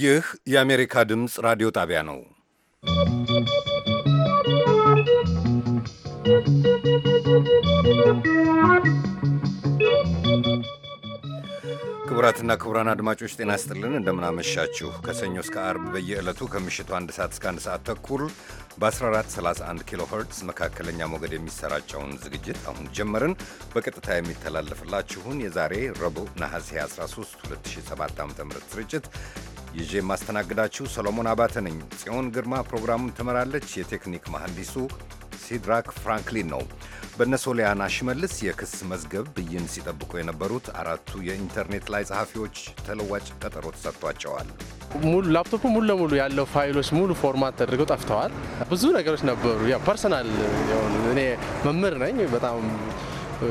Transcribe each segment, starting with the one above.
ይህ የአሜሪካ ድምፅ ራዲዮ ጣቢያ ነው። ክቡራትና ክቡራን አድማጮች ጤና ስጥልን፣ እንደምናመሻችሁ። ከሰኞ እስከ አርብ በየዕለቱ ከምሽቱ አንድ ሰዓት እስከ አንድ ሰዓት ተኩል በ1431 ኪሎ ኸርትዝ መካከለኛ ሞገድ የሚሰራጨውን ዝግጅት አሁን ጀመርን። በቀጥታ የሚተላለፍላችሁን የዛሬ ረቡዕ ነሐሴ 13 2007 ም ስርጭት ይዤ የማስተናግዳችሁ ሰሎሞን አባተ ነኝ። ጽዮን ግርማ ፕሮግራሙን ትመራለች። የቴክኒክ መሐንዲሱ ሲድራክ ፍራንክሊን ነው። በእነ ሶሊያና ሽመልስ የክስ መዝገብ ብይን ሲጠብቁ የነበሩት አራቱ የኢንተርኔት ላይ ጸሐፊዎች ተለዋጭ ቀጠሮ ተሰጥቷቸዋል። ሙሉ ላፕቶፑ ሙሉ ለሙሉ ያለው ፋይሎች ሙሉ ፎርማት ተደርገው ጠፍተዋል። ብዙ ነገሮች ነበሩ። ፐርሰናል እኔ መምህር ነኝ በጣም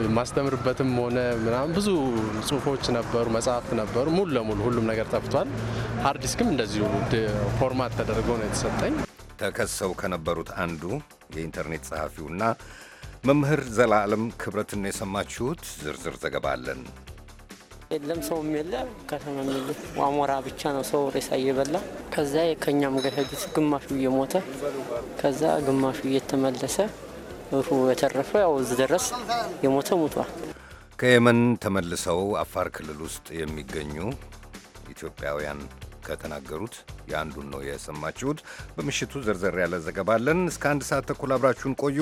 የማስተምርበትም ሆነ ምናምን ብዙ ጽሁፎች ነበሩ፣ መጽሐፍት ነበሩ። ሙሉ ለሙሉ ሁሉም ነገር ጠፍቷል። ሀርድ ዲስክም እንደዚሁ ፎርማት ተደርጎ ነው የተሰጠኝ። ተከሰው ከነበሩት አንዱ የኢንተርኔት ጸሐፊውና መምህር ዘላለም ክብረትን ነው የሰማችሁት። ዝርዝር ዘገባ አለን። የለም ሰውም የለ ከተማ የለ አሞራ ብቻ ነው ሰው ሬሳ እየበላ ከዛ ከእኛም ጋር ሄዱት ግማሹ እየሞተ ከዛ ግማሹ እየተመለሰ ሩሁ የተረፈ ያው እዚህ ድረስ የሞተ ሙቷል። ከየመን ተመልሰው አፋር ክልል ውስጥ የሚገኙ ኢትዮጵያውያን ከተናገሩት የአንዱን ነው የሰማችሁት። በምሽቱ ዘርዘር ያለ ዘገባ አለን። እስከ አንድ ሰዓት ተኩል አብራችሁን ቆዩ።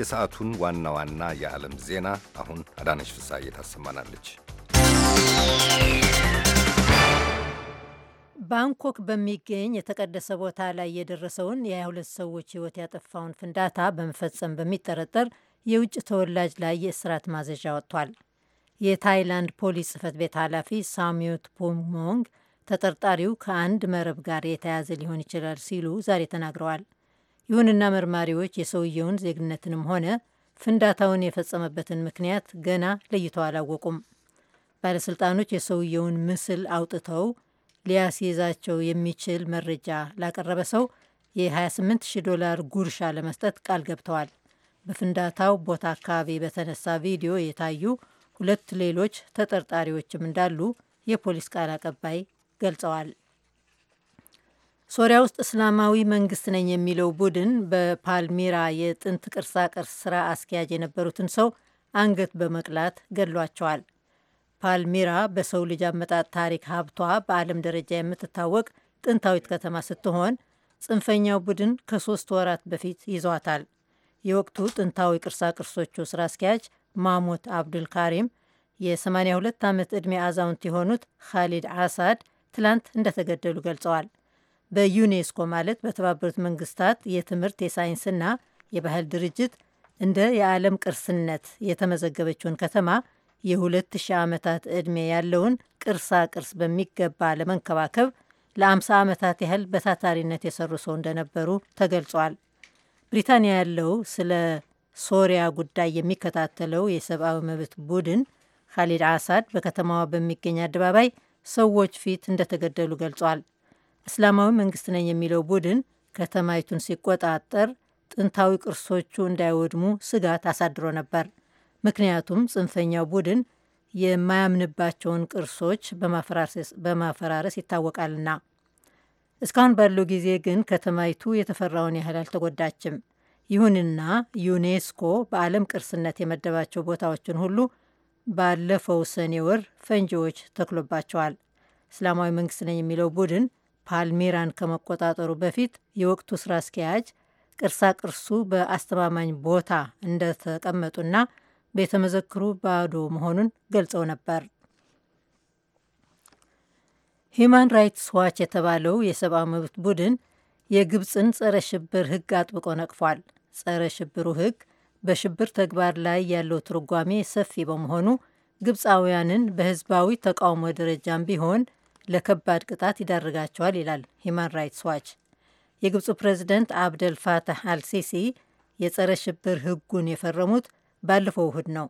የሰዓቱን ዋና ዋና የዓለም ዜና አሁን አዳነች ፍስሐ ታሰማናለች። ባንኮክ በሚገኝ የተቀደሰ ቦታ ላይ የደረሰውን የ22 ሰዎች ሕይወት ያጠፋውን ፍንዳታ በመፈጸም በሚጠረጠር የውጭ ተወላጅ ላይ የእስራት ማዘዣ ወጥቷል። የታይላንድ ፖሊስ ጽፈት ቤት ኃላፊ ሳሚዮት ፑሞንግ ተጠርጣሪው ከአንድ መረብ ጋር የተያዘ ሊሆን ይችላል ሲሉ ዛሬ ተናግረዋል። ይሁንና መርማሪዎች የሰውየውን ዜግነትንም ሆነ ፍንዳታውን የፈጸመበትን ምክንያት ገና ለይተው አላወቁም። ባለሥልጣኖች የሰውየውን ምስል አውጥተው ሊያስይዛቸው የሚችል መረጃ ላቀረበ ሰው የ28 ሺህ ዶላር ጉርሻ ለመስጠት ቃል ገብተዋል። በፍንዳታው ቦታ አካባቢ በተነሳ ቪዲዮ የታዩ ሁለት ሌሎች ተጠርጣሪዎችም እንዳሉ የፖሊስ ቃል አቀባይ ገልጸዋል። ሶሪያ ውስጥ እስላማዊ መንግስት ነኝ የሚለው ቡድን በፓልሚራ የጥንት ቅርሳ ቅርስ ስራ አስኪያጅ የነበሩትን ሰው አንገት በመቅላት ገድሏቸዋል። ፓልሚራ በሰው ልጅ አመጣጥ ታሪክ ሀብቷ በዓለም ደረጃ የምትታወቅ ጥንታዊት ከተማ ስትሆን ጽንፈኛው ቡድን ከሶስት ወራት በፊት ይዟታል። የወቅቱ ጥንታዊ ቅርሳ ቅርሶቹ ስራ አስኪያጅ ማሙት አብዱል ካሪም የ82 ዓመት ዕድሜ አዛውንት የሆኑት ካሊድ አሳድ ትላንት እንደተገደሉ ገልጸዋል። በዩኔስኮ ማለት በተባበሩት መንግስታት የትምህርት የሳይንስና የባህል ድርጅት እንደ የዓለም ቅርስነት የተመዘገበችውን ከተማ የሁለት ሺህ ዓመታት ዕድሜ ያለውን ቅርሳ ቅርስ በሚገባ ለመንከባከብ ለ50 ዓመታት ያህል በታታሪነት የሰሩ ሰው እንደነበሩ ተገልጿል። ብሪታንያ ያለው ስለ ሶሪያ ጉዳይ የሚከታተለው የሰብአዊ መብት ቡድን ካሊድ አሳድ በከተማዋ በሚገኝ አደባባይ ሰዎች ፊት እንደተገደሉ ገልጿል። እስላማዊ መንግስት ነኝ የሚለው ቡድን ከተማይቱን ሲቆጣጠር ጥንታዊ ቅርሶቹ እንዳይወድሙ ስጋት አሳድሮ ነበር። ምክንያቱም ጽንፈኛው ቡድን የማያምንባቸውን ቅርሶች በማፈራረስ ይታወቃልና። እስካሁን ባለው ጊዜ ግን ከተማይቱ የተፈራውን ያህል አልተጎዳችም። ይሁንና ዩኔስኮ በዓለም ቅርስነት የመደባቸው ቦታዎችን ሁሉ ባለፈው ሰኔ ወር ፈንጂዎች ተክሎባቸዋል። እስላማዊ መንግስት ነኝ የሚለው ቡድን ፓልሜራን ከመቆጣጠሩ በፊት የወቅቱ ስራ አስኪያጅ ቅርሳ ቅርሱ በአስተማማኝ ቦታ እንደተቀመጡና ቤተ መዘክሩ ባዶ መሆኑን ገልጸው ነበር። ሂማን ራይትስ ዋች የተባለው የሰብአዊ መብት ቡድን የግብፅን ጸረ ሽብር ህግ አጥብቆ ነቅፏል። ጸረ ሽብሩ ሕግ በሽብር ተግባር ላይ ያለው ትርጓሜ ሰፊ በመሆኑ ግብፃውያንን በህዝባዊ ተቃውሞ ደረጃም ቢሆን ለከባድ ቅጣት ይዳርጋቸዋል ይላል ሂማን ራይትስ ዋች። የግብፁ ፕሬዚደንት አብደል ፋታህ አልሲሲ የጸረ ሽብር ሕጉን የፈረሙት ባለፈው እሁድ ነው።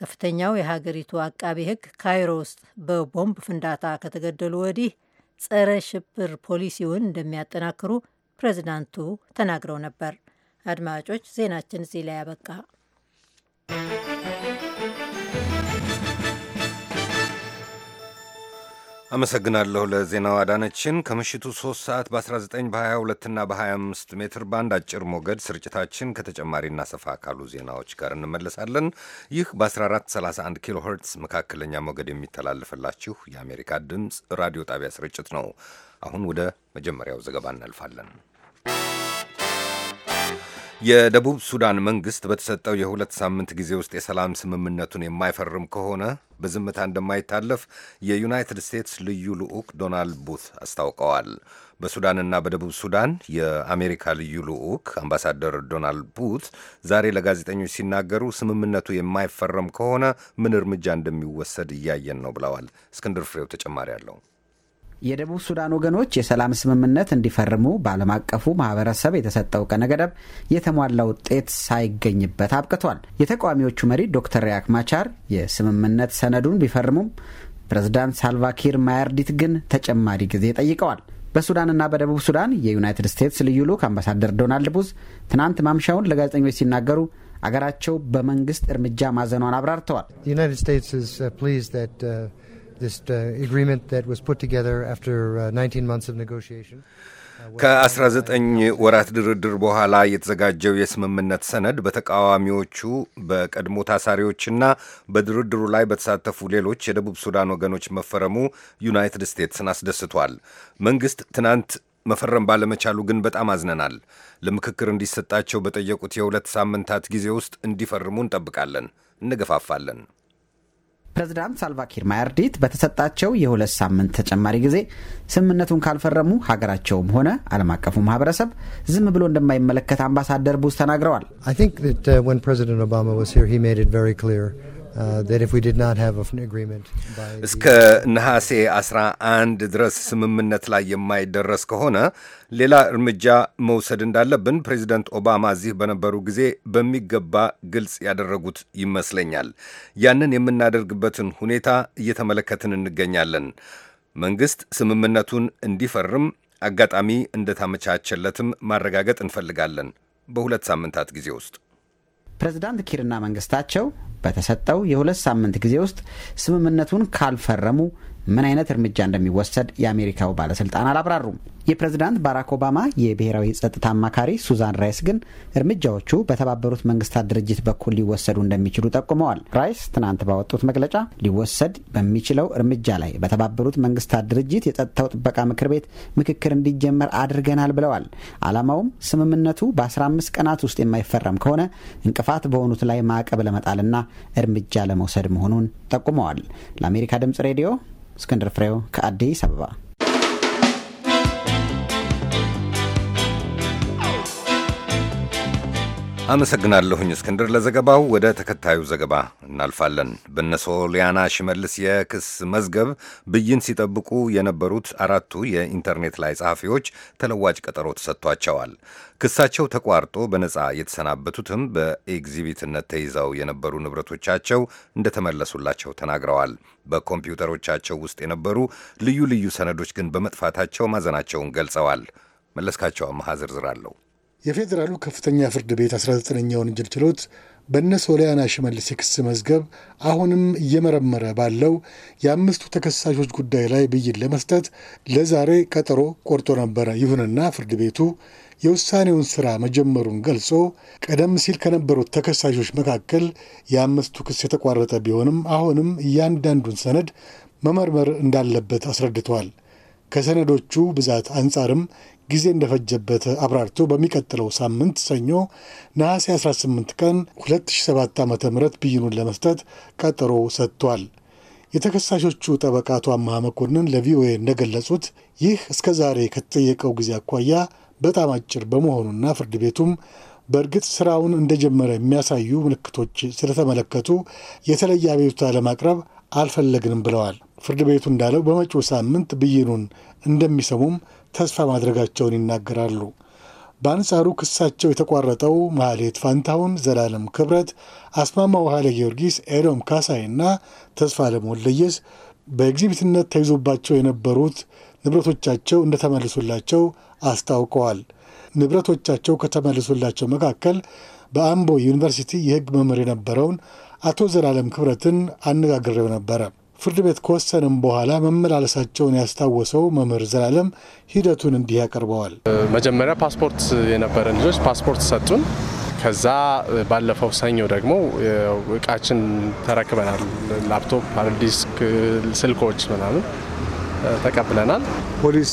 ከፍተኛው የሀገሪቱ አቃቢ ሕግ ካይሮ ውስጥ በቦምብ ፍንዳታ ከተገደሉ ወዲህ ጸረ ሽብር ፖሊሲውን እንደሚያጠናክሩ ፕሬዚዳንቱ ተናግረው ነበር። አድማጮች ዜናችን እዚህ ላይ ያበቃ። አመሰግናለሁ ለዜናው አዳነችን። ከምሽቱ 3 ሰዓት በ19 በ22 እና በ25 ሜትር ባንድ አጭር ሞገድ ስርጭታችን ከተጨማሪና ሰፋ ካሉ ዜናዎች ጋር እንመለሳለን። ይህ በ1431 ኪሎ ሄርትስ መካከለኛ ሞገድ የሚተላለፍላችሁ የአሜሪካ ድምፅ ራዲዮ ጣቢያ ስርጭት ነው። አሁን ወደ መጀመሪያው ዘገባ እናልፋለን። የደቡብ ሱዳን መንግስት በተሰጠው የሁለት ሳምንት ጊዜ ውስጥ የሰላም ስምምነቱን የማይፈርም ከሆነ በዝምታ እንደማይታለፍ የዩናይትድ ስቴትስ ልዩ ልዑክ ዶናልድ ቡት አስታውቀዋል። በሱዳንና በደቡብ ሱዳን የአሜሪካ ልዩ ልዑክ አምባሳደር ዶናልድ ቡት ዛሬ ለጋዜጠኞች ሲናገሩ ስምምነቱ የማይፈረም ከሆነ ምን እርምጃ እንደሚወሰድ እያየን ነው ብለዋል። እስክንድር ፍሬው ተጨማሪ አለው። የደቡብ ሱዳን ወገኖች የሰላም ስምምነት እንዲፈርሙ በዓለም አቀፉ ማህበረሰብ የተሰጠው ቀነ ገደብ የተሟላ ውጤት ሳይገኝበት አብቅቷል። የተቃዋሚዎቹ መሪ ዶክተር ሪያክ ማቻር የስምምነት ሰነዱን ቢፈርሙም ፕሬዝዳንት ሳልቫኪር ማያርዲት ግን ተጨማሪ ጊዜ ጠይቀዋል። በሱዳንና በደቡብ ሱዳን የዩናይትድ ስቴትስ ልዩ ልዑክ አምባሳደር ዶናልድ ቡዝ ትናንት ማምሻውን ለጋዜጠኞች ሲናገሩ አገራቸው በመንግስት እርምጃ ማዘኗን አብራርተዋል። Uh, uh, uh, ከ19 ወራት ድርድር በኋላ የተዘጋጀው የስምምነት ሰነድ በተቃዋሚዎቹ በቀድሞ ታሳሪዎችና በድርድሩ ላይ በተሳተፉ ሌሎች የደቡብ ሱዳን ወገኖች መፈረሙ ዩናይትድ ስቴትስን አስደስቷል። መንግሥት ትናንት መፈረም ባለመቻሉ ግን በጣም አዝነናል። ለምክክር እንዲሰጣቸው በጠየቁት የሁለት ሳምንታት ጊዜ ውስጥ እንዲፈርሙ እንጠብቃለን፣ እንገፋፋለን። ፕሬዝዳንት ሳልቫኪር ማያርዲት በተሰጣቸው የሁለት ሳምንት ተጨማሪ ጊዜ ስምምነቱን ካልፈረሙ ሀገራቸውም ሆነ ዓለም አቀፉ ማህበረሰብ ዝም ብሎ እንደማይመለከት አምባሳደር ቡስ ተናግረዋል። Uh, እስከ ነሐሴ 11 ድረስ ስምምነት ላይ የማይደረስ ከሆነ ሌላ እርምጃ መውሰድ እንዳለብን ፕሬዚደንት ኦባማ እዚህ በነበሩ ጊዜ በሚገባ ግልጽ ያደረጉት ይመስለኛል። ያንን የምናደርግበትን ሁኔታ እየተመለከትን እንገኛለን። መንግሥት ስምምነቱን እንዲፈርም አጋጣሚ እንደታመቻቸለትም ማረጋገጥ እንፈልጋለን በሁለት ሳምንታት ጊዜ ውስጥ ፕሬዝዳንት ኪርና መንግስታቸው በተሰጠው የሁለት ሳምንት ጊዜ ውስጥ ስምምነቱን ካልፈረሙ ምን አይነት እርምጃ እንደሚወሰድ የአሜሪካው ባለስልጣን አላብራሩም። የፕሬዝዳንት ባራክ ኦባማ የብሔራዊ ጸጥታ አማካሪ ሱዛን ራይስ ግን እርምጃዎቹ በተባበሩት መንግስታት ድርጅት በኩል ሊወሰዱ እንደሚችሉ ጠቁመዋል። ራይስ ትናንት ባወጡት መግለጫ ሊወሰድ በሚችለው እርምጃ ላይ በተባበሩት መንግስታት ድርጅት የጸጥታው ጥበቃ ምክር ቤት ምክክር እንዲጀመር አድርገናል ብለዋል። ዓላማውም ስምምነቱ በ15 ቀናት ውስጥ የማይፈረም ከሆነ እንቅፋት በሆኑት ላይ ማዕቀብ ለመጣልና እርምጃ ለመውሰድ መሆኑን ጠቁመዋል። ለአሜሪካ ድምጽ ሬዲዮ እስክንድር ፍሬው ከአዲስ አበባ አመሰግናለሁኝ እስክንድር ለዘገባው። ወደ ተከታዩ ዘገባ እናልፋለን። በነሶሊያና ሽመልስ የክስ መዝገብ ብይን ሲጠብቁ የነበሩት አራቱ የኢንተርኔት ላይ ጸሐፊዎች ተለዋጭ ቀጠሮ ተሰጥቷቸዋል። ክሳቸው ተቋርጦ በነጻ የተሰናበቱትም በኤግዚቢትነት ተይዘው የነበሩ ንብረቶቻቸው እንደተመለሱላቸው ተናግረዋል። በኮምፒውተሮቻቸው ውስጥ የነበሩ ልዩ ልዩ ሰነዶች ግን በመጥፋታቸው ማዘናቸውን ገልጸዋል። መለስካቸው አመሃ ዝርዝር አለው። የፌዴራሉ ከፍተኛ ፍርድ ቤት 19ኛ ወንጀል ችሎት በእነ ሶሊያና ሽመልስ የክስ መዝገብ አሁንም እየመረመረ ባለው የአምስቱ ተከሳሾች ጉዳይ ላይ ብይን ለመስጠት ለዛሬ ቀጠሮ ቆርጦ ነበረ። ይሁንና ፍርድ ቤቱ የውሳኔውን ሥራ መጀመሩን ገልጾ ቀደም ሲል ከነበሩት ተከሳሾች መካከል የአምስቱ ክስ የተቋረጠ ቢሆንም አሁንም እያንዳንዱን ሰነድ መመርመር እንዳለበት አስረድተዋል። ከሰነዶቹ ብዛት አንጻርም ጊዜ እንደፈጀበት አብራርቶ በሚቀጥለው ሳምንት ሰኞ ነሐሴ 18 ቀን 2007 ዓ ም ብይኑን ለመስጠት ቀጠሮ ሰጥቷል። የተከሳሾቹ ጠበቃ አቶ መኮንን ለቪኦኤ እንደገለጹት ይህ እስከ ዛሬ ከተጠየቀው ጊዜ አኳያ በጣም አጭር በመሆኑና ፍርድ ቤቱም በእርግጥ ስራውን እንደጀመረ የሚያሳዩ ምልክቶች ስለተመለከቱ የተለየ አቤቱታ ለማቅረብ አልፈለግንም ብለዋል። ፍርድ ቤቱ እንዳለው በመጪው ሳምንት ብይኑን እንደሚሰሙም ተስፋ ማድረጋቸውን ይናገራሉ። በአንጻሩ ክሳቸው የተቋረጠው ማህሌት ፋንታሁን፣ ዘላለም ክብረት፣ አስማማው ኃይለ ጊዮርጊስ፣ ኤዶም እና ተስፋ ለሞለየስ በኤግዚቢትነት ተይዞባቸው የነበሩት ንብረቶቻቸው እንደተመልሱላቸው አስታውቀዋል። ንብረቶቻቸው ከተመልሱላቸው መካከል በአምቦ ዩኒቨርሲቲ የሕግ መምህር የነበረውን አቶ ዘላለም ክብረትን አነጋግሬው ነበረ። ፍርድ ቤት ከወሰንም በኋላ መመላለሳቸውን ያስታወሰው መምህር ዘላለም ሂደቱን እንዲህ ያቀርበዋል። መጀመሪያ ፓስፖርት የነበረን ልጆች ፓስፖርት ሰጡን። ከዛ ባለፈው ሰኞ ደግሞ እቃችን ተረክበናል። ላፕቶፕ፣ ሃርድ ዲስክ፣ ስልኮች ምናምን ተቀብለናል። ፖሊስ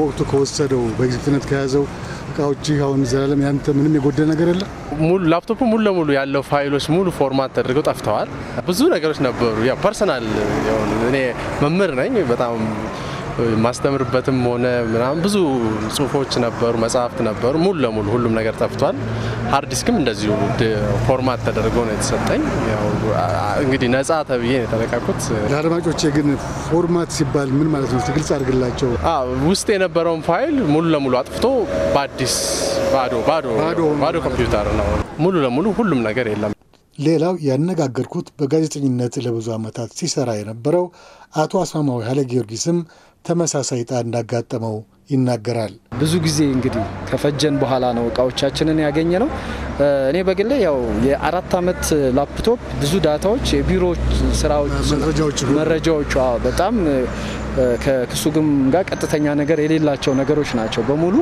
ወቅቱ ከወሰደው በግዝፍነት ከያዘው እቃዎች አሁን ዘላለም ያንተ ምንም የጎደለ ነገር የለ። ሙሉ ላፕቶፕ ሙሉ ለሙሉ ያለው ፋይሎች ሙሉ ፎርማት ተደርገው ጠፍተዋል። ብዙ ነገሮች ነበሩ። ፐርሰናል እኔ መምህር ነኝ በጣም ማስተምርበትም ሆነ ምናምን ብዙ ጽሁፎች ነበሩ፣ መጽሐፍት ነበሩ። ሙሉ ለሙሉ ሁሉም ነገር ጠፍቷል። ሀርድ ዲስክም እንደዚሁ ፎርማት ተደርጎ ነው የተሰጠኝ። እንግዲህ ነጻ ተብዬ ነው የተለቀኩት። ለአድማጮቼ ግን ፎርማት ሲባል ምን ማለት ነው? ግልጽ አድርግላቸው። ውስጥ የነበረውን ፋይል ሙሉ ለሙሉ አጥፍቶ በአዲስ ባዶ ባዶ ኮምፒውተር ነው። ሙሉ ለሙሉ ሁሉም ነገር የለም። ሌላው ያነጋገርኩት በጋዜጠኝነት ለብዙ ዓመታት ሲሰራ የነበረው አቶ አስማማዊ ኃይለ ጊዮርጊስም ተመሳሳይ ዕጣ እንዳጋጠመው ይናገራል። ብዙ ጊዜ እንግዲህ ከፈጀን በኋላ ነው እቃዎቻችንን ያገኘ ነው። እኔ በግሌ ያው የአራት ዓመት ላፕቶፕ ብዙ ዳታዎች፣ የቢሮ ስራዎች፣ መረጃዎቹ በጣም ከክሱ ግም ጋር ቀጥተኛ ነገር የሌላቸው ነገሮች ናቸው። በሙሉ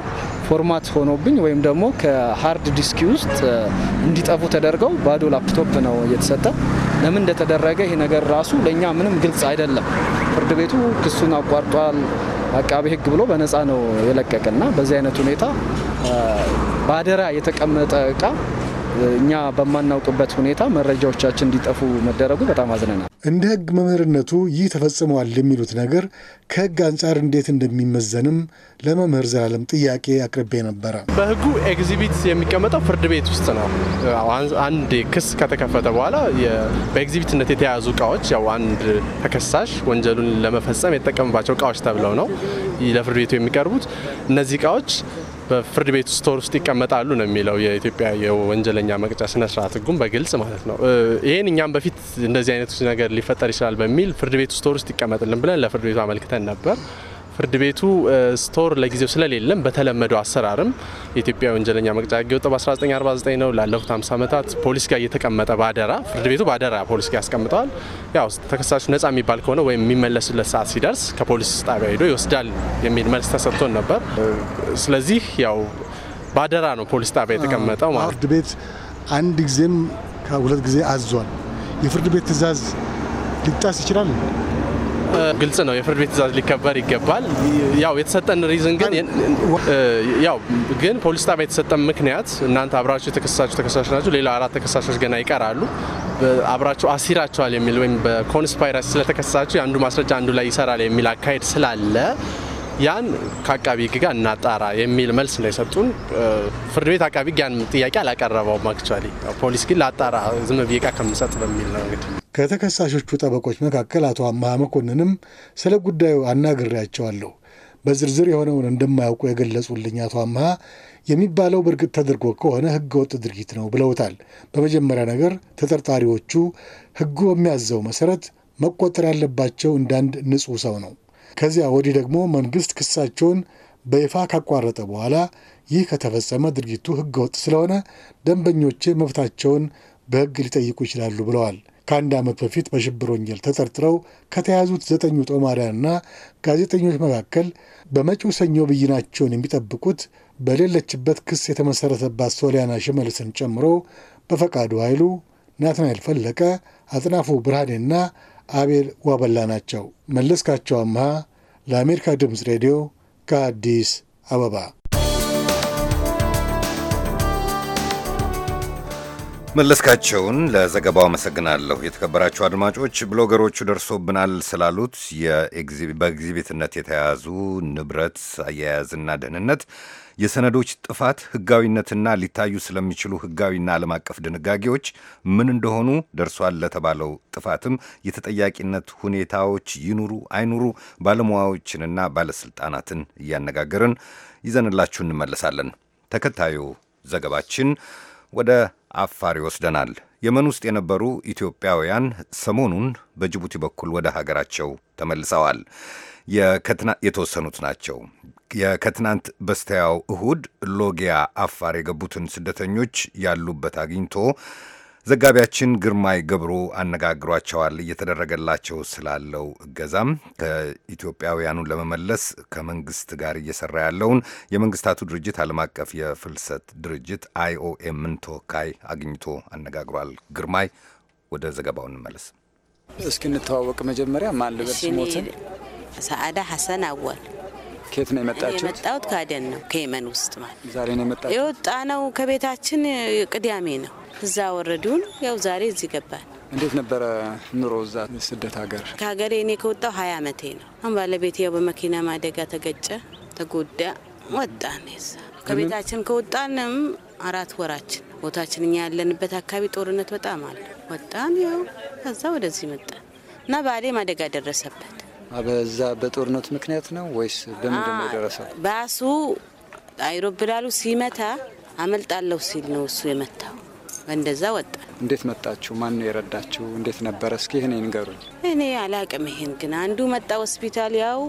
ፎርማት ሆኖብኝ ወይም ደግሞ ከሀርድ ዲስኪ ውስጥ እንዲጠፉ ተደርገው ባዶ ላፕቶፕ ነው እየተሰጠ ለምን እንደተደረገ ይሄ ነገር ራሱ ለእኛ ምንም ግልጽ አይደለም። ፍርድ ቤቱ ክሱን አቋርጧል አቃቤ ሕግ ብሎ በነፃ ነው የለቀቀና በዚህ አይነት ሁኔታ በአደራ የተቀመጠ እቃ እኛ በማናውቅበት ሁኔታ መረጃዎቻችን እንዲጠፉ መደረጉ በጣም አዝነናል። እንደ ህግ መምህርነቱ ይህ ተፈጽመዋል የሚሉት ነገር ከህግ አንጻር እንዴት እንደሚመዘንም ለመምህር ዘላለም ጥያቄ አቅርቤ ነበረ። በህጉ ኤግዚቢት የሚቀመጠው ፍርድ ቤት ውስጥ ነው። አንድ ክስ ከተከፈተ በኋላ በኤግዚቢትነት የተያዙ እቃዎች ያው አንድ ተከሳሽ ወንጀሉን ለመፈጸም የተጠቀምባቸው እቃዎች ተብለው ነው ለፍርድ ቤቱ የሚቀርቡት እነዚህ እቃዎች በፍርድ ቤት ስቶር ውስጥ ይቀመጣሉ ነው የሚለው የኢትዮጵያ የወንጀለኛ መቅጫ ስነስርዓት ህጉም በግልጽ ማለት ነው። ይህን እኛም በፊት እንደዚህ አይነት ነገር ሊፈጠር ይችላል በሚል ፍርድ ቤት ስቶር ውስጥ ይቀመጥልን ብለን ለፍርድ ቤቱ አመልክተን ነበር። ፍርድ ቤቱ ስቶር ለጊዜው ስለሌለም በተለመደው አሰራርም የኢትዮጵያ ወንጀለኛ መቅጫ ሕግ የወጣው 1949 ነው። ላለፉት 50 ዓመታት ፖሊስ ጋር እየተቀመጠ በአደራ ፍርድ ቤቱ በአደራ ፖሊስ ጋር ያስቀምጠዋል። ያው ተከሳሹ ነጻ የሚባል ከሆነ ወይም የሚመለስለት ሰዓት ሲደርስ ከፖሊስ ጣቢያ ሄዶ ይወስዳል የሚል መልስ ተሰጥቶን ነበር። ስለዚህ ያው በአደራ ነው ፖሊስ ጣቢያ የተቀመጠው። ማለት ፍርድ ቤት አንድ ጊዜም ከሁለት ጊዜ አዟል። የፍርድ ቤት ትዕዛዝ ሊጣስ ይችላል? ግልጽ ነው። የፍርድ ቤት ትእዛዝ ሊከበር ይገባል። ያው የተሰጠን ሪዝን ግን ያው ግን ፖሊስ ጣቢያ የተሰጠን ምክንያት እናንተ አብራችሁ የተከሳችሁ ተከሳሽ ናቸው፣ ሌላ አራት ተከሳሾች ገና ይቀራሉ አብራቸው አሲራቸዋል የሚል ወይም በኮንስፓይራሲ ስለተከሳችሁ የአንዱ ማስረጃ አንዱ ላይ ይሰራል የሚል አካሄድ ስላለ ያን ከአቃቢ ህግ ጋር እናጣራ የሚል መልስ ነው የሰጡን። ፍርድ ቤት አቃቢ ሕግ ያን ጥያቄ አላቀረበውም። አክቹዋሊ ፖሊስ ግን ላጣራ ዝም ብዬ ቃ ከምሰጥ በሚል ነው እንግዲህ ከተከሳሾቹ ጠበቆች መካከል አቶ አመሃ መኮንንም ስለ ጉዳዩ አናግሬያቸዋለሁ። በዝርዝር የሆነውን እንደማያውቁ የገለጹልኝ አቶ አመሃ የሚባለው በእርግጥ ተደርጎ ከሆነ ህገወጥ ድርጊት ነው ብለውታል። በመጀመሪያ ነገር ተጠርጣሪዎቹ ህጉ በሚያዘው መሰረት መቆጠር ያለባቸው እንዳንድ ንጹሕ ሰው ነው። ከዚያ ወዲህ ደግሞ መንግስት ክሳቸውን በይፋ ካቋረጠ በኋላ ይህ ከተፈጸመ ድርጊቱ ወጥ ስለሆነ ደንበኞቼ መብታቸውን በህግ ሊጠይቁ ይችላሉ ብለዋል። ከአንድ ዓመት በፊት በሽብር ወንጀል ተጠርጥረው ከተያዙት ዘጠኙ ጦማሪያንና ጋዜጠኞች መካከል በመጪው ሰኞ ብይናቸውን የሚጠብቁት በሌለችበት ክስ የተመሠረተባት ሶሊያና ሽመልስን ጨምሮ በፈቃዱ ኃይሉ፣ ናትናኤል ፈለቀ፣ አጥናፉ ብርሃኔና አቤል ዋበላ ናቸው። መለስካቸው አምሃ ለአሜሪካ ድምፅ ሬዲዮ ከአዲስ አበባ መለስካቸውን ለዘገባው አመሰግናለሁ። የተከበራቸው አድማጮች ብሎገሮቹ ደርሶብናል ስላሉት በኤግዚቢትነት የተያዙ ንብረት አያያዝና ደህንነት፣ የሰነዶች ጥፋት ህጋዊነትና ሊታዩ ስለሚችሉ ህጋዊና ዓለም አቀፍ ድንጋጌዎች ምን እንደሆኑ፣ ደርሷል ለተባለው ጥፋትም የተጠያቂነት ሁኔታዎች ይኑሩ አይኑሩ ባለሙያዎችንና ባለሥልጣናትን እያነጋገርን ይዘንላችሁ እንመለሳለን። ተከታዩ ዘገባችን ወደ አፋር ይወስደናል። የመን ውስጥ የነበሩ ኢትዮጵያውያን ሰሞኑን በጅቡቲ በኩል ወደ ሀገራቸው ተመልሰዋል። የተወሰኑት ናቸው። የከትናንት በስተያው እሁድ ሎጊያ አፋር የገቡትን ስደተኞች ያሉበት አግኝቶ ዘጋቢያችን ግርማይ ገብሩ አነጋግሯቸዋል። እየተደረገላቸው ስላለው እገዛም ከኢትዮጵያውያኑን ለመመለስ ከመንግስት ጋር እየሰራ ያለውን የመንግስታቱ ድርጅት ዓለም አቀፍ የፍልሰት ድርጅት አይኦኤምን ተወካይ አግኝቶ አነጋግሯል። ግርማይ ወደ ዘገባው እንመለስ። እስኪ እንተዋወቅ። መጀመሪያ ማን ልበል ስሞትን? ሰዓዳ ሐሰን አወል ከየት ነው የመጣችሁት? የመጣሁት ከአደን ነው፣ ከየመን ውስጥ ማለት ዛሬ ነው የመጣ የወጣ ነው። ከቤታችን ቅዳሜ ነው እዛ ወረዱን፣ ያው ዛሬ እዚህ ገባል። እንዴት ነበረ ኑሮ እዛ ስደት ሀገር? ከሀገሬ እኔ ከወጣሁ ሀያ አመቴ ነው። አሁን ባለቤት ያው በመኪና ማደጋ ተገጨ፣ ተጎዳ፣ ወጣን። ዛ ከቤታችን ከወጣንም አራት ወራችን ቦታችን እኛ ያለንበት አካባቢ ጦርነት በጣም አለ። ወጣን ያው ከዛ ወደዚህ መጣ እና ባሌም አደጋ ደረሰበት በዛ በጦርነት ምክንያት ነው ወይስ በምንድን ነው የደረሰው? ባሱ አይሮፕላኑ ሲመታ አመልጣለሁ ሲል ነው እሱ የመታው። እንደዛ ወጣ። እንዴት መጣችሁ? ማን ነው የረዳችሁ? እንዴት ነበረ? እስኪ ይህን ንገሩኝ። እኔ አላቅም። ይሄን ግን አንዱ መጣ ሆስፒታል። ያው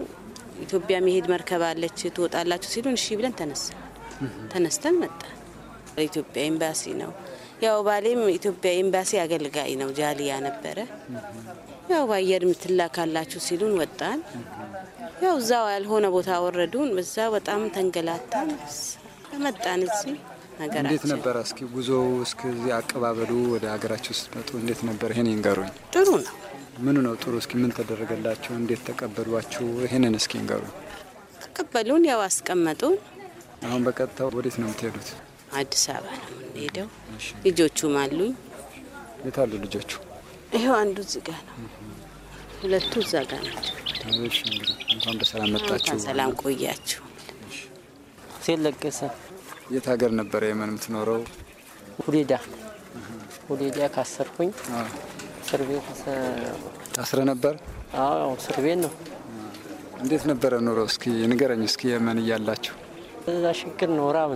ኢትዮጵያ መሄድ መርከብ አለች ትወጣላችሁ ሲሉን እሺ ብለን ተነሳ ተነስተን መጣ። ኢትዮጵያ ኤምባሲ ነው ያው ባሌም ኢትዮጵያ ኤምባሲ አገልጋይ ነው፣ ጃሊያ ነበረ። ያው በአየር የምትላካላችሁ ሲሉን ወጣን። ያው እዛው ያልሆነ ቦታ ወረዱን። በዛ በጣም ተንገላታን። መጣን እዚህ ነገራችን እንዴት ነበር? እስኪ ጉዞ እስከዚህ አቀባበሉ ወደ ሀገራችሁ ስትመጡ እንዴት ነበር? ይሄን ይንገሩኝ። ጥሩ ነው። ምኑ ነው ጥሩ? እስኪ ምን ተደረገላችሁ? እንዴት ተቀበሏችሁ? ይሄንን እስኪ ይንገሩኝ። ተቀበሉን፣ ያው አስቀመጡን። አሁን በቀጥታ ወዴት ነው የምትሄዱት? አዲስ አበባ ነው የምንሄደው። ልጆቹም አሉኝ። የት አሉ ልጆቹ? ይሄው አንዱ እዚህ ጋ ነው፣ ሁለቱ እዛ ጋ ናቸው። እንኳን በሰላም መጣችሁ፣ ሰላም ቆያችሁ። ሴት ለገሰ የት ሀገር ነበረ የመን የምትኖረው? ሁዴዳ ሁዴዳ ካሰርኩኝ እስር ቤት ታስረ ነበር። አዎ እስር ቤት ነው። እንዴት ነበረ ኑሮ? እስኪ ንገረኝ እስኪ የመን እያላችሁ። እዛ ሽግር ነው ራብ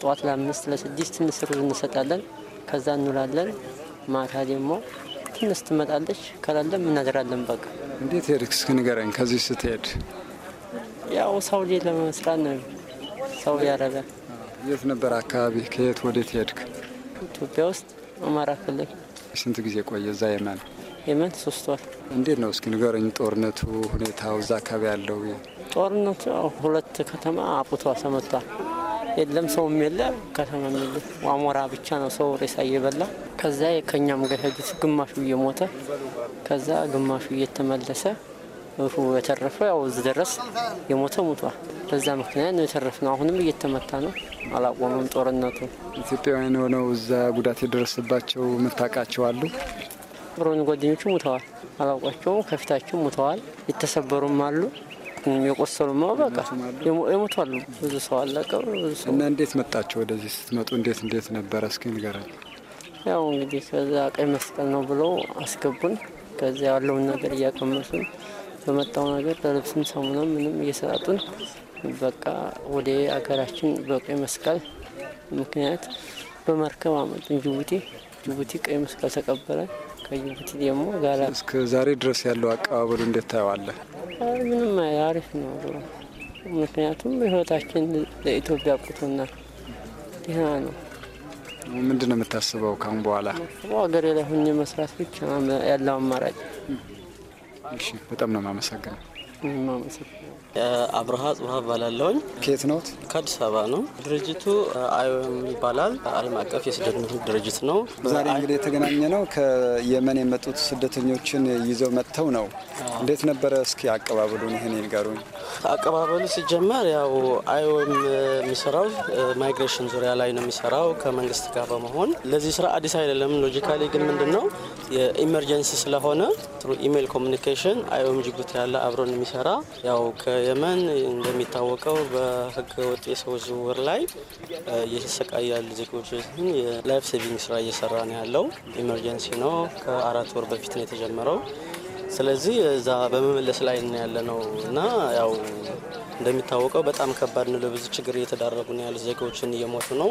ጠዋት ለአምስት ለስድስት ምስር እንሰጣለን፣ ከዛ እንውላለን። ማታ ደግሞ ትንሽ ትመጣለች። ከላለ እናድራለን። በቃ እንዴት ሄድክ? እስኪ ንገረኝ። ከዚህ ስትሄድ ያው ሳውዲ ለመስራት ነው። ሳውዲ አረቢያ። የት ነበር አካባቢ? ከየት ወዴት ሄድክ? ኢትዮጵያ ውስጥ አማራ ክልል። ስንት ጊዜ ቆየ እዛ የመን? የመን ሶስት ወር። እንዴት ነው እስኪ ንገረኝ፣ ጦርነቱ ሁኔታው፣ እዛ አካባቢ ያለው ጦርነቱ። ሁለት ከተማ አቁቷ ተመቷል። የለም ሰውም የለ ከተማም የለ። አሞራ ብቻ ነው ሰው ሬሳ እየበላ ከዛ ከኛም ጋር ሄዱት ግማሹ እየሞተ ከዛ ግማሹ እየተመለሰ የተረፈ ያው እዚህ ድረስ የሞተ ሙቷል። በዛ ምክንያት ነው የተረፍነው። አሁንም እየተመታ ነው፣ አላቆመም ጦርነቱ። ኢትዮጵያውያን የሆነው እዛ ጉዳት የደረሰባቸው የምታውቃቸው አሉ? ሮን ጓደኞቹ ሙተዋል፣ አላውቋቸውም። ከፊታቸው ሙተዋል፣ የተሰበሩም አሉ የቆሰሉም ማ በቃ የሞቱ አሉ። ብዙ ሰው አለቀ። እና እንዴት መጣቸው? ወደዚህ ስትመጡ እንዴት እንዴት ነበረ? እስኪ ንገራል ያው እንግዲህ ከዛ ቀይ መስቀል ነው ብለው አስገቡን። ከዚያ ያለውን ነገር እያቀመሱን በመጣው ነገር ለልብስም ሳሙና ምንም እየሰጡን በቃ ወደ አገራችን በቀይ መስቀል ምክንያት በመርከብ አመጡን ጅቡቲ። ጅቡቲ ቀይ መስቀል ተቀበለ። ከጅቡቲ ደግሞ ጋላ። እስከ ዛሬ ድረስ ያለው አቀባበሉ እንዴት ታየዋለህ? ምንም አሪፍ ነው። ምክንያቱም ህይወታችን ለኢትዮጵያ አብቅቶናል። ይህ ነው ምንድን ነው የምታስበው ካሁን በኋላ? ማስበው ሀገሬ ላይ ሁኜ መስራት ብቻ ያለው አማራጭ። እሺ፣ በጣም ነው የማመሰግነው። አብርሃ ጽሀ እባላለሁኝ። ከየት ነዎት? ከአዲስ አበባ ነው። ድርጅቱ አይወም ይባላል። ዓለም አቀፍ የስደተኞች ድርጅት ነው። ዛሬ እንግዲህ የተገናኘ ነው ከየመን የመጡት ስደተኞችን ይዘው መጥተው ነው። እንዴት ነበረ? እስኪ አቀባበሉን ይህን ይንገሩኝ። አቀባበሉ ሲጀመር ያው አይወም የሚሰራው ማይግሬሽን ዙሪያ ላይ ነው የሚሰራው ከመንግስት ጋር በመሆን ለዚህ ስራ አዲስ አይደለም። ሎጂካሊ ግን ምንድን ነው የኢመርጀንሲ ስለሆነ ጥሩ ኢሜይል ኮሚኒኬሽን አይወም ጅቡቲ ያለ አብሮን የሚሰራ ያው ከየመን እንደሚታወቀው በህገ ወጥ የሰው ዝውውር ላይ እየተሰቃያሉ ዜጎችን የላይፍ ሴቪንግ ስራ እየሰራ ነው ያለው። ኢመርጀንሲ ነው። ከአራት ወር በፊት ነው የተጀመረው። ስለዚህ እዛ በመመለስ ላይ ነው ያለ ነው እና ያው እንደሚታወቀው በጣም ከባድ ነው። ለብዙ ችግር እየተዳረጉ ነው ያሉ ዜጋዎችን እየሞቱ ነው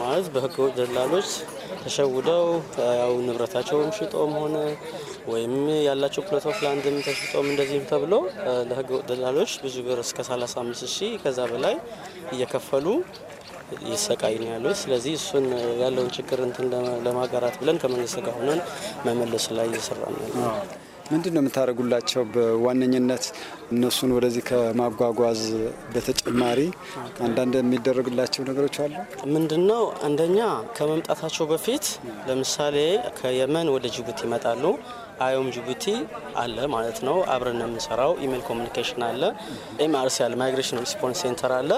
ማለት በህገወጥ ደላሎች ተሸውደው ያው ንብረታቸውም ሽጦም ሆነ ወይም ያላቸው ፕሎት ኦፍ ላንድም ተሽጦም እንደዚህም ተብሎ ለህገወጥ ደላሎች ብዙ ብር እስከ 35 ሺህ ከዛ በላይ እየከፈሉ ይሰቃይ ነው ያሉት። ስለዚህ እሱን ያለውን ችግር እንትን ለማጋራት ብለን ከመንግስት ጋር ሆነን መመለስ ላይ እየሰራ ነው። ምንድን ነው የምታደርጉላቸው? በዋነኝነት እነሱን ወደዚህ ከማጓጓዝ በተጨማሪ አንዳንድ የሚደረግላቸው ነገሮች አሉ። ምንድን ነው አንደኛ ከመምጣታቸው በፊት ለምሳሌ ከየመን ወደ ጅቡቲ ይመጣሉ። አዮም ጅቡቲ አለ ማለት ነው። አብረን የምንሰራው ኢሜል ኮሚኒኬሽን አለ። ኤምአርሲ አለ፣ ማይግሬሽን ሪስፖንስ ሴንተር አለ።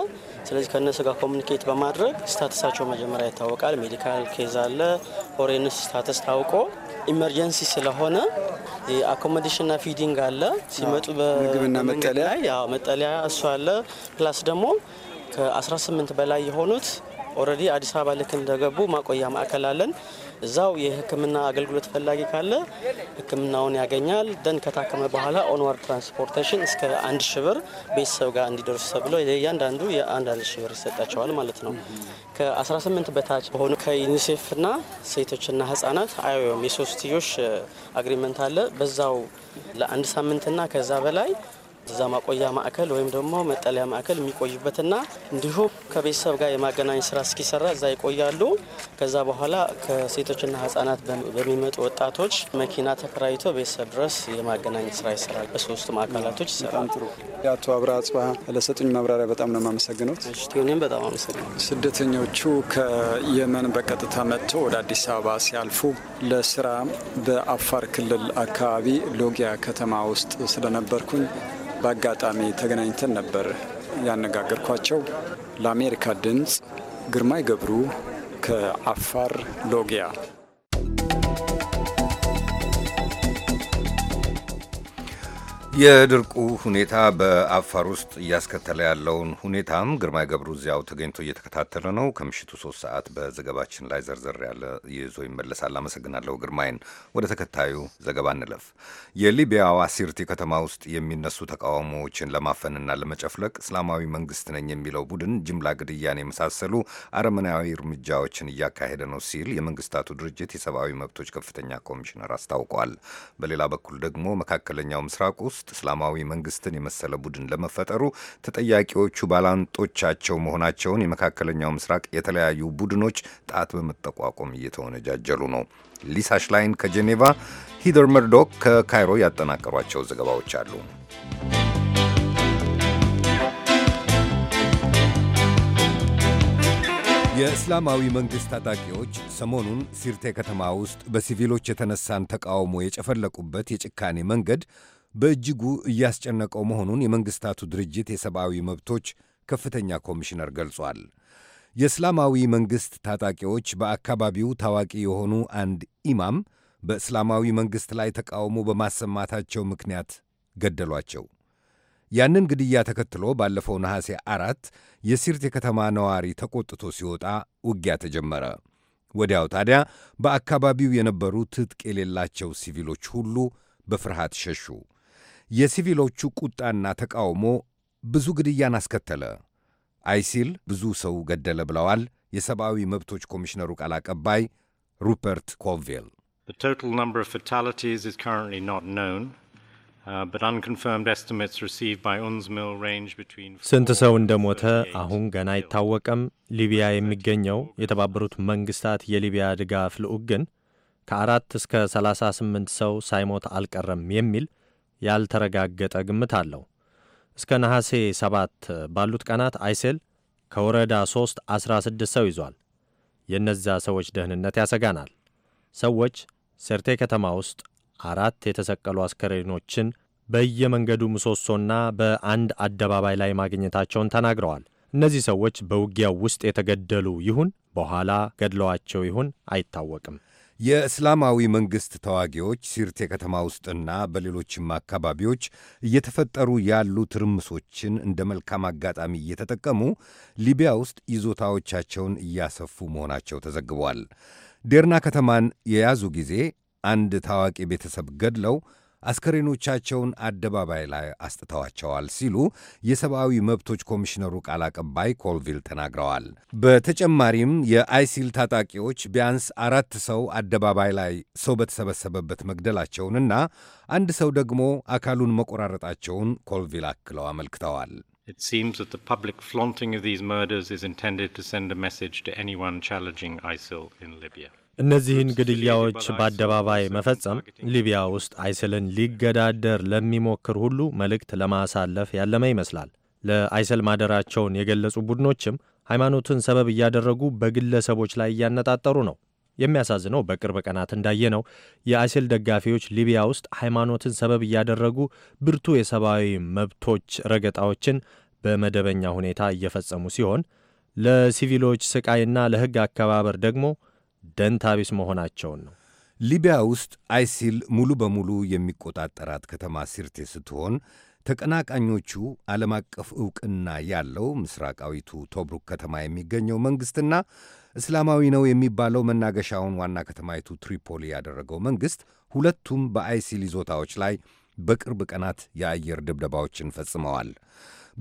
ስለዚህ ከእነሱ ጋር ኮሚኒኬት በማድረግ ስታተሳቸው መጀመሪያ ይታወቃል። ሜዲካል ኬዝ አለ፣ ኦሬንስ ስታተስ ታውቆ ኢመርጀንሲ ስለሆነ አኮሞዴሽንና ፊዲንግ አለ። ሲመጡ በምግብና መጠለያ መጠለያ እሱ አለ። ፕላስ ደግሞ ከ18 በላይ የሆኑት ኦልሬዲ አዲስ አበባ ልክ እንደገቡ ማቆያ ማዕከል አለን። እዛው የህክምና አገልግሎት ፈላጊ ካለ ህክምናውን ያገኛል። ደን ከታከመ በኋላ ኦንዋርድ ትራንስፖርቴሽን እስከ አንድ ሺ ብር ቤተሰብ ጋር እንዲደርሱ ተብሎ እያንዳንዱ የአንድ ሺ ብር ይሰጣቸዋል ማለት ነው። ከ18 በታች በሆኑ ከዩኒሴፍና ሴቶችና ህጻናት አይወም የሶስትዮሽ አግሪመንት አለ። በዛው ለአንድ ሳምንትና ከዛ በላይ እዛ ማቆያ ማዕከል ወይም ደግሞ መጠለያ ማዕከል የሚቆዩበትና እንዲሁም ከቤተሰብ ጋር የማገናኘት ስራ እስኪሰራ እዛ ይቆያሉ። ከዛ በኋላ ከሴቶችና ህጻናት በሚመጡ ወጣቶች መኪና ተከራይቶ ቤተሰብ ድረስ የማገናኝ ስራ ይሰራል። በሶስቱ ማዕከላቶች ይሰራል። አቶ አብራ ጽባ ለሰጡኝ ማብራሪያ በጣም ነው የማመሰግነው። በጣም አመሰግናለሁ። ስደተኞቹ ከየመን በቀጥታ መጥተው ወደ አዲስ አበባ ሲያልፉ ለስራ በአፋር ክልል አካባቢ ሎጊያ ከተማ ውስጥ ስለነበርኩኝ በአጋጣሚ ተገናኝተን ነበር ያነጋገርኳቸው። ለአሜሪካ ድምፅ ግርማይ ገብሩ ከአፋር ሎጊያ የድርቁ ሁኔታ በአፋር ውስጥ እያስከተለ ያለውን ሁኔታም ግርማይ ገብሩ እዚያው ተገኝቶ እየተከታተለ ነው። ከምሽቱ ሶስት ሰዓት በዘገባችን ላይ ዘርዘር ያለ ይዞ ይመለሳል። አመሰግናለሁ ግርማይን። ወደ ተከታዩ ዘገባ እንለፍ። የሊቢያዋ ሲርቲ ከተማ ውስጥ የሚነሱ ተቃውሞዎችን ለማፈንና ለመጨፍለቅ እስላማዊ መንግስት ነኝ የሚለው ቡድን ጅምላ ግድያን የመሳሰሉ አረመናዊ እርምጃዎችን እያካሄደ ነው ሲል የመንግስታቱ ድርጅት የሰብአዊ መብቶች ከፍተኛ ኮሚሽነር አስታውቋል። በሌላ በኩል ደግሞ መካከለኛው ምስራቅ ውስጥ ውስጥ እስላማዊ መንግስትን የመሰለ ቡድን ለመፈጠሩ ተጠያቂዎቹ ባላንጦቻቸው መሆናቸውን የመካከለኛው ምስራቅ የተለያዩ ቡድኖች ጣት በመጠቋቋም እየተወነጃጀሉ ነው። ሊሳ ሽላይን ከጄኔቫ፣ ሂደር መርዶክ ከካይሮ ያጠናቀሯቸው ዘገባዎች አሉ። የእስላማዊ መንግሥት ታጣቂዎች ሰሞኑን ሲርቴ ከተማ ውስጥ በሲቪሎች የተነሳን ተቃውሞ የጨፈለቁበት የጭካኔ መንገድ በእጅጉ እያስጨነቀው መሆኑን የመንግሥታቱ ድርጅት የሰብአዊ መብቶች ከፍተኛ ኮሚሽነር ገልጿል። የእስላማዊ መንግሥት ታጣቂዎች በአካባቢው ታዋቂ የሆኑ አንድ ኢማም በእስላማዊ መንግሥት ላይ ተቃውሞ በማሰማታቸው ምክንያት ገደሏቸው። ያንን ግድያ ተከትሎ ባለፈው ነሐሴ አራት የሲርት የከተማ ነዋሪ ተቆጥቶ ሲወጣ ውጊያ ተጀመረ። ወዲያው ታዲያ በአካባቢው የነበሩ ትጥቅ የሌላቸው ሲቪሎች ሁሉ በፍርሃት ሸሹ። የሲቪሎቹ ቁጣና ተቃውሞ ብዙ ግድያን አስከተለ። አይሲል ብዙ ሰው ገደለ ብለዋል የሰብአዊ መብቶች ኮሚሽነሩ ቃል አቀባይ ሩፐርት ኮቪል። uh, ስንት ሰው እንደሞተ አሁን ገና አይታወቀም። ሊቢያ የሚገኘው የተባበሩት መንግስታት የሊቢያ ድጋፍ ልዑክ ግን ከአራት እስከ 38 ሰው ሳይሞት አልቀረም የሚል ያልተረጋገጠ ግምት አለው። እስከ ነሐሴ 7 ባሉት ቀናት አይሴል ከወረዳ 3 16 ሰው ይዟል። የእነዚያ ሰዎች ደህንነት ያሰጋናል። ሰዎች ሰርቴ ከተማ ውስጥ አራት የተሰቀሉ አስከሬኖችን በየመንገዱ ምሰሶና በአንድ አደባባይ ላይ ማግኘታቸውን ተናግረዋል። እነዚህ ሰዎች በውጊያው ውስጥ የተገደሉ ይሁን በኋላ ገድለዋቸው ይሁን አይታወቅም። የእስላማዊ መንግሥት ተዋጊዎች ሲርቴ ከተማ ውስጥና በሌሎችም አካባቢዎች እየተፈጠሩ ያሉ ትርምሶችን እንደ መልካም አጋጣሚ እየተጠቀሙ ሊቢያ ውስጥ ይዞታዎቻቸውን እያሰፉ መሆናቸው ተዘግቧል። ዴርና ከተማን የያዙ ጊዜ አንድ ታዋቂ ቤተሰብ ገድለው አስከሬኖቻቸውን አደባባይ ላይ አስጥተዋቸዋል ሲሉ የሰብአዊ መብቶች ኮሚሽነሩ ቃል አቀባይ ኮልቪል ተናግረዋል። በተጨማሪም የአይሲል ታጣቂዎች ቢያንስ አራት ሰው አደባባይ ላይ ሰው በተሰበሰበበት መግደላቸውንና አንድ ሰው ደግሞ አካሉን መቆራረጣቸውን ኮልቪል አክለው አመልክተዋል። It seems that the public flaunting of these murders is intended to send a message to anyone challenging ISIL in Libya. እነዚህን ግድያዎች በአደባባይ መፈጸም ሊቢያ ውስጥ አይስልን ሊገዳደር ለሚሞክር ሁሉ መልእክት ለማሳለፍ ያለመ ይመስላል። ለአይስል ማደራቸውን የገለጹ ቡድኖችም ሃይማኖትን ሰበብ እያደረጉ በግለሰቦች ላይ እያነጣጠሩ ነው። የሚያሳዝነው በቅርብ ቀናት እንዳየነው የአይስል ደጋፊዎች ሊቢያ ውስጥ ሃይማኖትን ሰበብ እያደረጉ ብርቱ የሰብአዊ መብቶች ረገጣዎችን በመደበኛ ሁኔታ እየፈጸሙ ሲሆን ለሲቪሎች ስቃይና ለሕግ አከባበር ደግሞ ደንታቢስ መሆናቸውን ነው። ሊቢያ ውስጥ አይሲል ሙሉ በሙሉ የሚቆጣጠራት ከተማ ሲርቴ ስትሆን ተቀናቃኞቹ ዓለም አቀፍ ዕውቅና ያለው ምስራቃዊቱ ቶብሩክ ከተማ የሚገኘው መንግሥትና እስላማዊ ነው የሚባለው መናገሻውን ዋና ከተማይቱ ትሪፖሊ ያደረገው መንግሥት ሁለቱም በአይሲል ይዞታዎች ላይ በቅርብ ቀናት የአየር ድብደባዎችን ፈጽመዋል።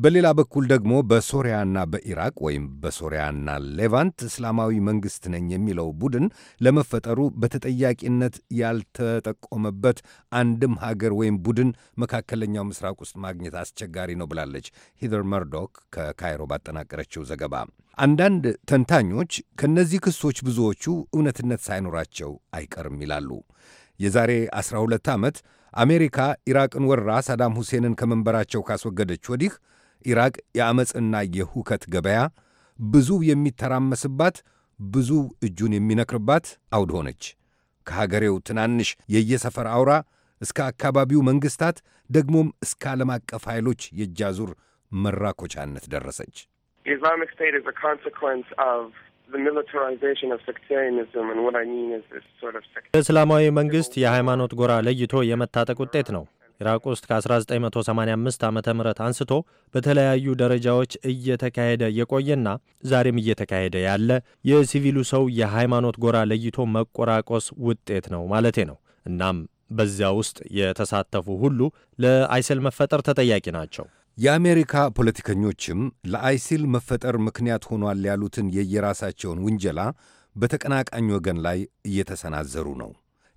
በሌላ በኩል ደግሞ በሶሪያና በኢራቅ ወይም በሶሪያና ሌቫንት እስላማዊ መንግሥት ነኝ የሚለው ቡድን ለመፈጠሩ በተጠያቂነት ያልተጠቆመበት አንድም ሀገር ወይም ቡድን መካከለኛው ምስራቅ ውስጥ ማግኘት አስቸጋሪ ነው ብላለች ሂደር መርዶክ ከካይሮ ባጠናቀረችው ዘገባ። አንዳንድ ተንታኞች ከእነዚህ ክሶች ብዙዎቹ እውነትነት ሳይኖራቸው አይቀርም ይላሉ። የዛሬ 12 ዓመት አሜሪካ ኢራቅን ወራ ሳዳም ሁሴንን ከመንበራቸው ካስወገደች ወዲህ ኢራቅ የዐመፅና የሁከት ገበያ ብዙ የሚተራመስባት ብዙ እጁን የሚነክርባት አውድ ሆነች። ከሀገሬው ትናንሽ የየሰፈር አውራ እስከ አካባቢው መንግሥታት ደግሞም እስከ ዓለም አቀፍ ኃይሎች የእጃዙር መራኮቻነት ደረሰች። እስላማዊ መንግሥት የሃይማኖት ጎራ ለይቶ የመታጠቅ ውጤት ነው። ኢራቅ ውስጥ ከ1985 ዓ ም አንስቶ በተለያዩ ደረጃዎች እየተካሄደ የቆየና ዛሬም እየተካሄደ ያለ የሲቪሉ ሰው የሃይማኖት ጎራ ለይቶ መቆራቆስ ውጤት ነው ማለቴ ነው። እናም በዚያ ውስጥ የተሳተፉ ሁሉ ለአይስል መፈጠር ተጠያቂ ናቸው። የአሜሪካ ፖለቲከኞችም ለአይሲል መፈጠር ምክንያት ሆኗል ያሉትን የየራሳቸውን ውንጀላ በተቀናቃኝ ወገን ላይ እየተሰናዘሩ ነው።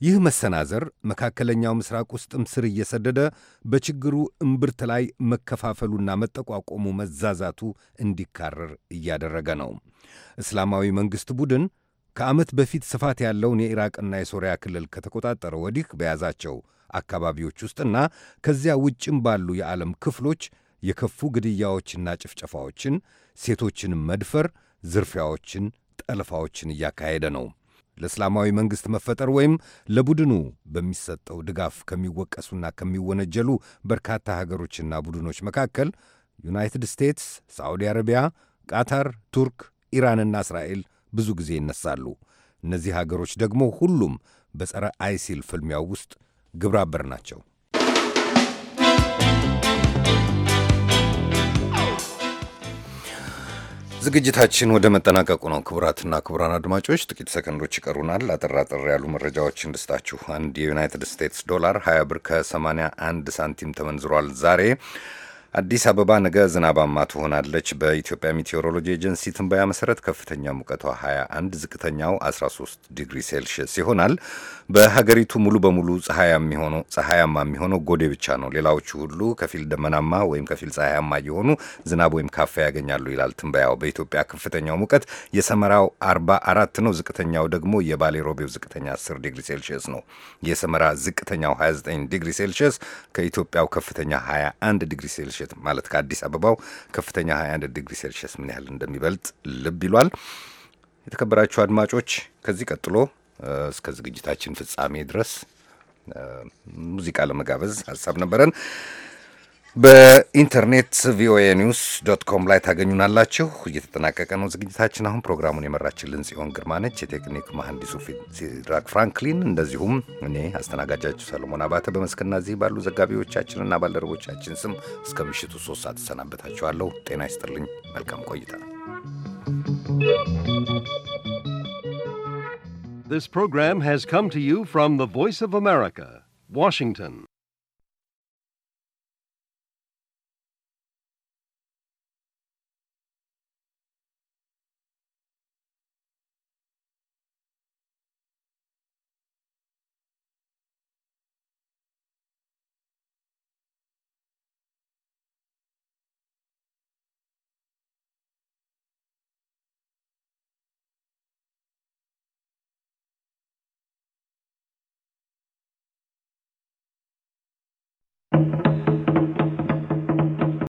ይህ መሰናዘር መካከለኛው ምስራቅ ውስጥም ስር እየሰደደ በችግሩ እምብርት ላይ መከፋፈሉና መጠቋቆሙ መዛዛቱ እንዲካረር እያደረገ ነው። እስላማዊ መንግሥት ቡድን ከዓመት በፊት ስፋት ያለውን የኢራቅና የሶሪያ ክልል ከተቆጣጠረ ወዲህ በያዛቸው አካባቢዎች ውስጥና ከዚያ ውጭም ባሉ የዓለም ክፍሎች የከፉ ግድያዎችና ጭፍጨፋዎችን፣ ሴቶችን መድፈር፣ ዝርፊያዎችን፣ ጠልፋዎችን እያካሄደ ነው። ለእስላማዊ መንግሥት መፈጠር ወይም ለቡድኑ በሚሰጠው ድጋፍ ከሚወቀሱና ከሚወነጀሉ በርካታ ሀገሮችና ቡድኖች መካከል ዩናይትድ ስቴትስ፣ ሳዑዲ አረቢያ፣ ቃታር፣ ቱርክ፣ ኢራንና እስራኤል ብዙ ጊዜ ይነሳሉ። እነዚህ ሀገሮች ደግሞ ሁሉም በጸረ አይሲል ፍልሚያው ውስጥ ግብረ አበር ናቸው። ዝግጅታችን ወደ መጠናቀቁ ነው። ክቡራትና ክቡራን አድማጮች ጥቂት ሰከንዶች ይቀሩናል። አጠር አጠር ያሉ መረጃዎችን ልስጣችሁ። አንድ የዩናይትድ ስቴትስ ዶላር 20 ብር ከ81 ሳንቲም ተመንዝሯል ዛሬ አዲስ አበባ ነገ ዝናባማ ትሆናለች። በኢትዮጵያ ሜቴዎሮሎጂ ኤጀንሲ ትንበያ መሰረት ከፍተኛ ሙቀቷ 21፣ ዝቅተኛው 13 ዲግሪ ሴልሽየስ ይሆናል። በሀገሪቱ ሙሉ በሙሉ ፀሐያማ የሚሆነው ጎዴ ብቻ ነው። ሌላዎቹ ሁሉ ከፊል ደመናማ ወይም ከፊል ፀሐያማ የሆኑ ዝናብ ወይም ካፋ ያገኛሉ ይላል ትንበያው። በኢትዮጵያ ከፍተኛው ሙቀት የሰመራው 44 ነው። ዝቅተኛው ደግሞ የባሌ ሮቤው ዝቅተኛ 10 ዲግሪ ሴልሽየስ ነው። የሰመራ ዝቅተኛው 29 ዲግሪ ሴልሽየስ ከኢትዮጵያው ከፍተኛ 21 ዲግሪ ሴልሽየስ ሴንቲግሬድ ማለት ከአዲስ አበባው ከፍተኛ 21 ዲግሪ ሴልሽስ ምን ያህል እንደሚበልጥ ልብ ይሏል። የተከበራችሁ አድማጮች ከዚህ ቀጥሎ እስከ ዝግጅታችን ፍጻሜ ድረስ ሙዚቃ ለመጋበዝ ሀሳብ ነበረን። በኢንተርኔት ቪኦኤ ኒውስ ዶት ኮም ላይ ታገኙናላችሁ። እየተጠናቀቀ ነው ዝግጅታችን። አሁን ፕሮግራሙን የመራችልን ጽዮን ግርማነች፣ የቴክኒክ መሐንዲሱ ሲድራክ ፍራንክሊን፣ እንደዚሁም እኔ አስተናጋጃችሁ ሰለሞን አባተ በመስክና እዚህ ባሉ ዘጋቢዎቻችንና ባልደረቦቻችን ስም እስከ ምሽቱ ሶስት ሰዓት ተሰናበታችኋለሁ። ጤና ይስጥልኝ። መልካም ቆይታ። This program has come to you from the Voice of America, Washington.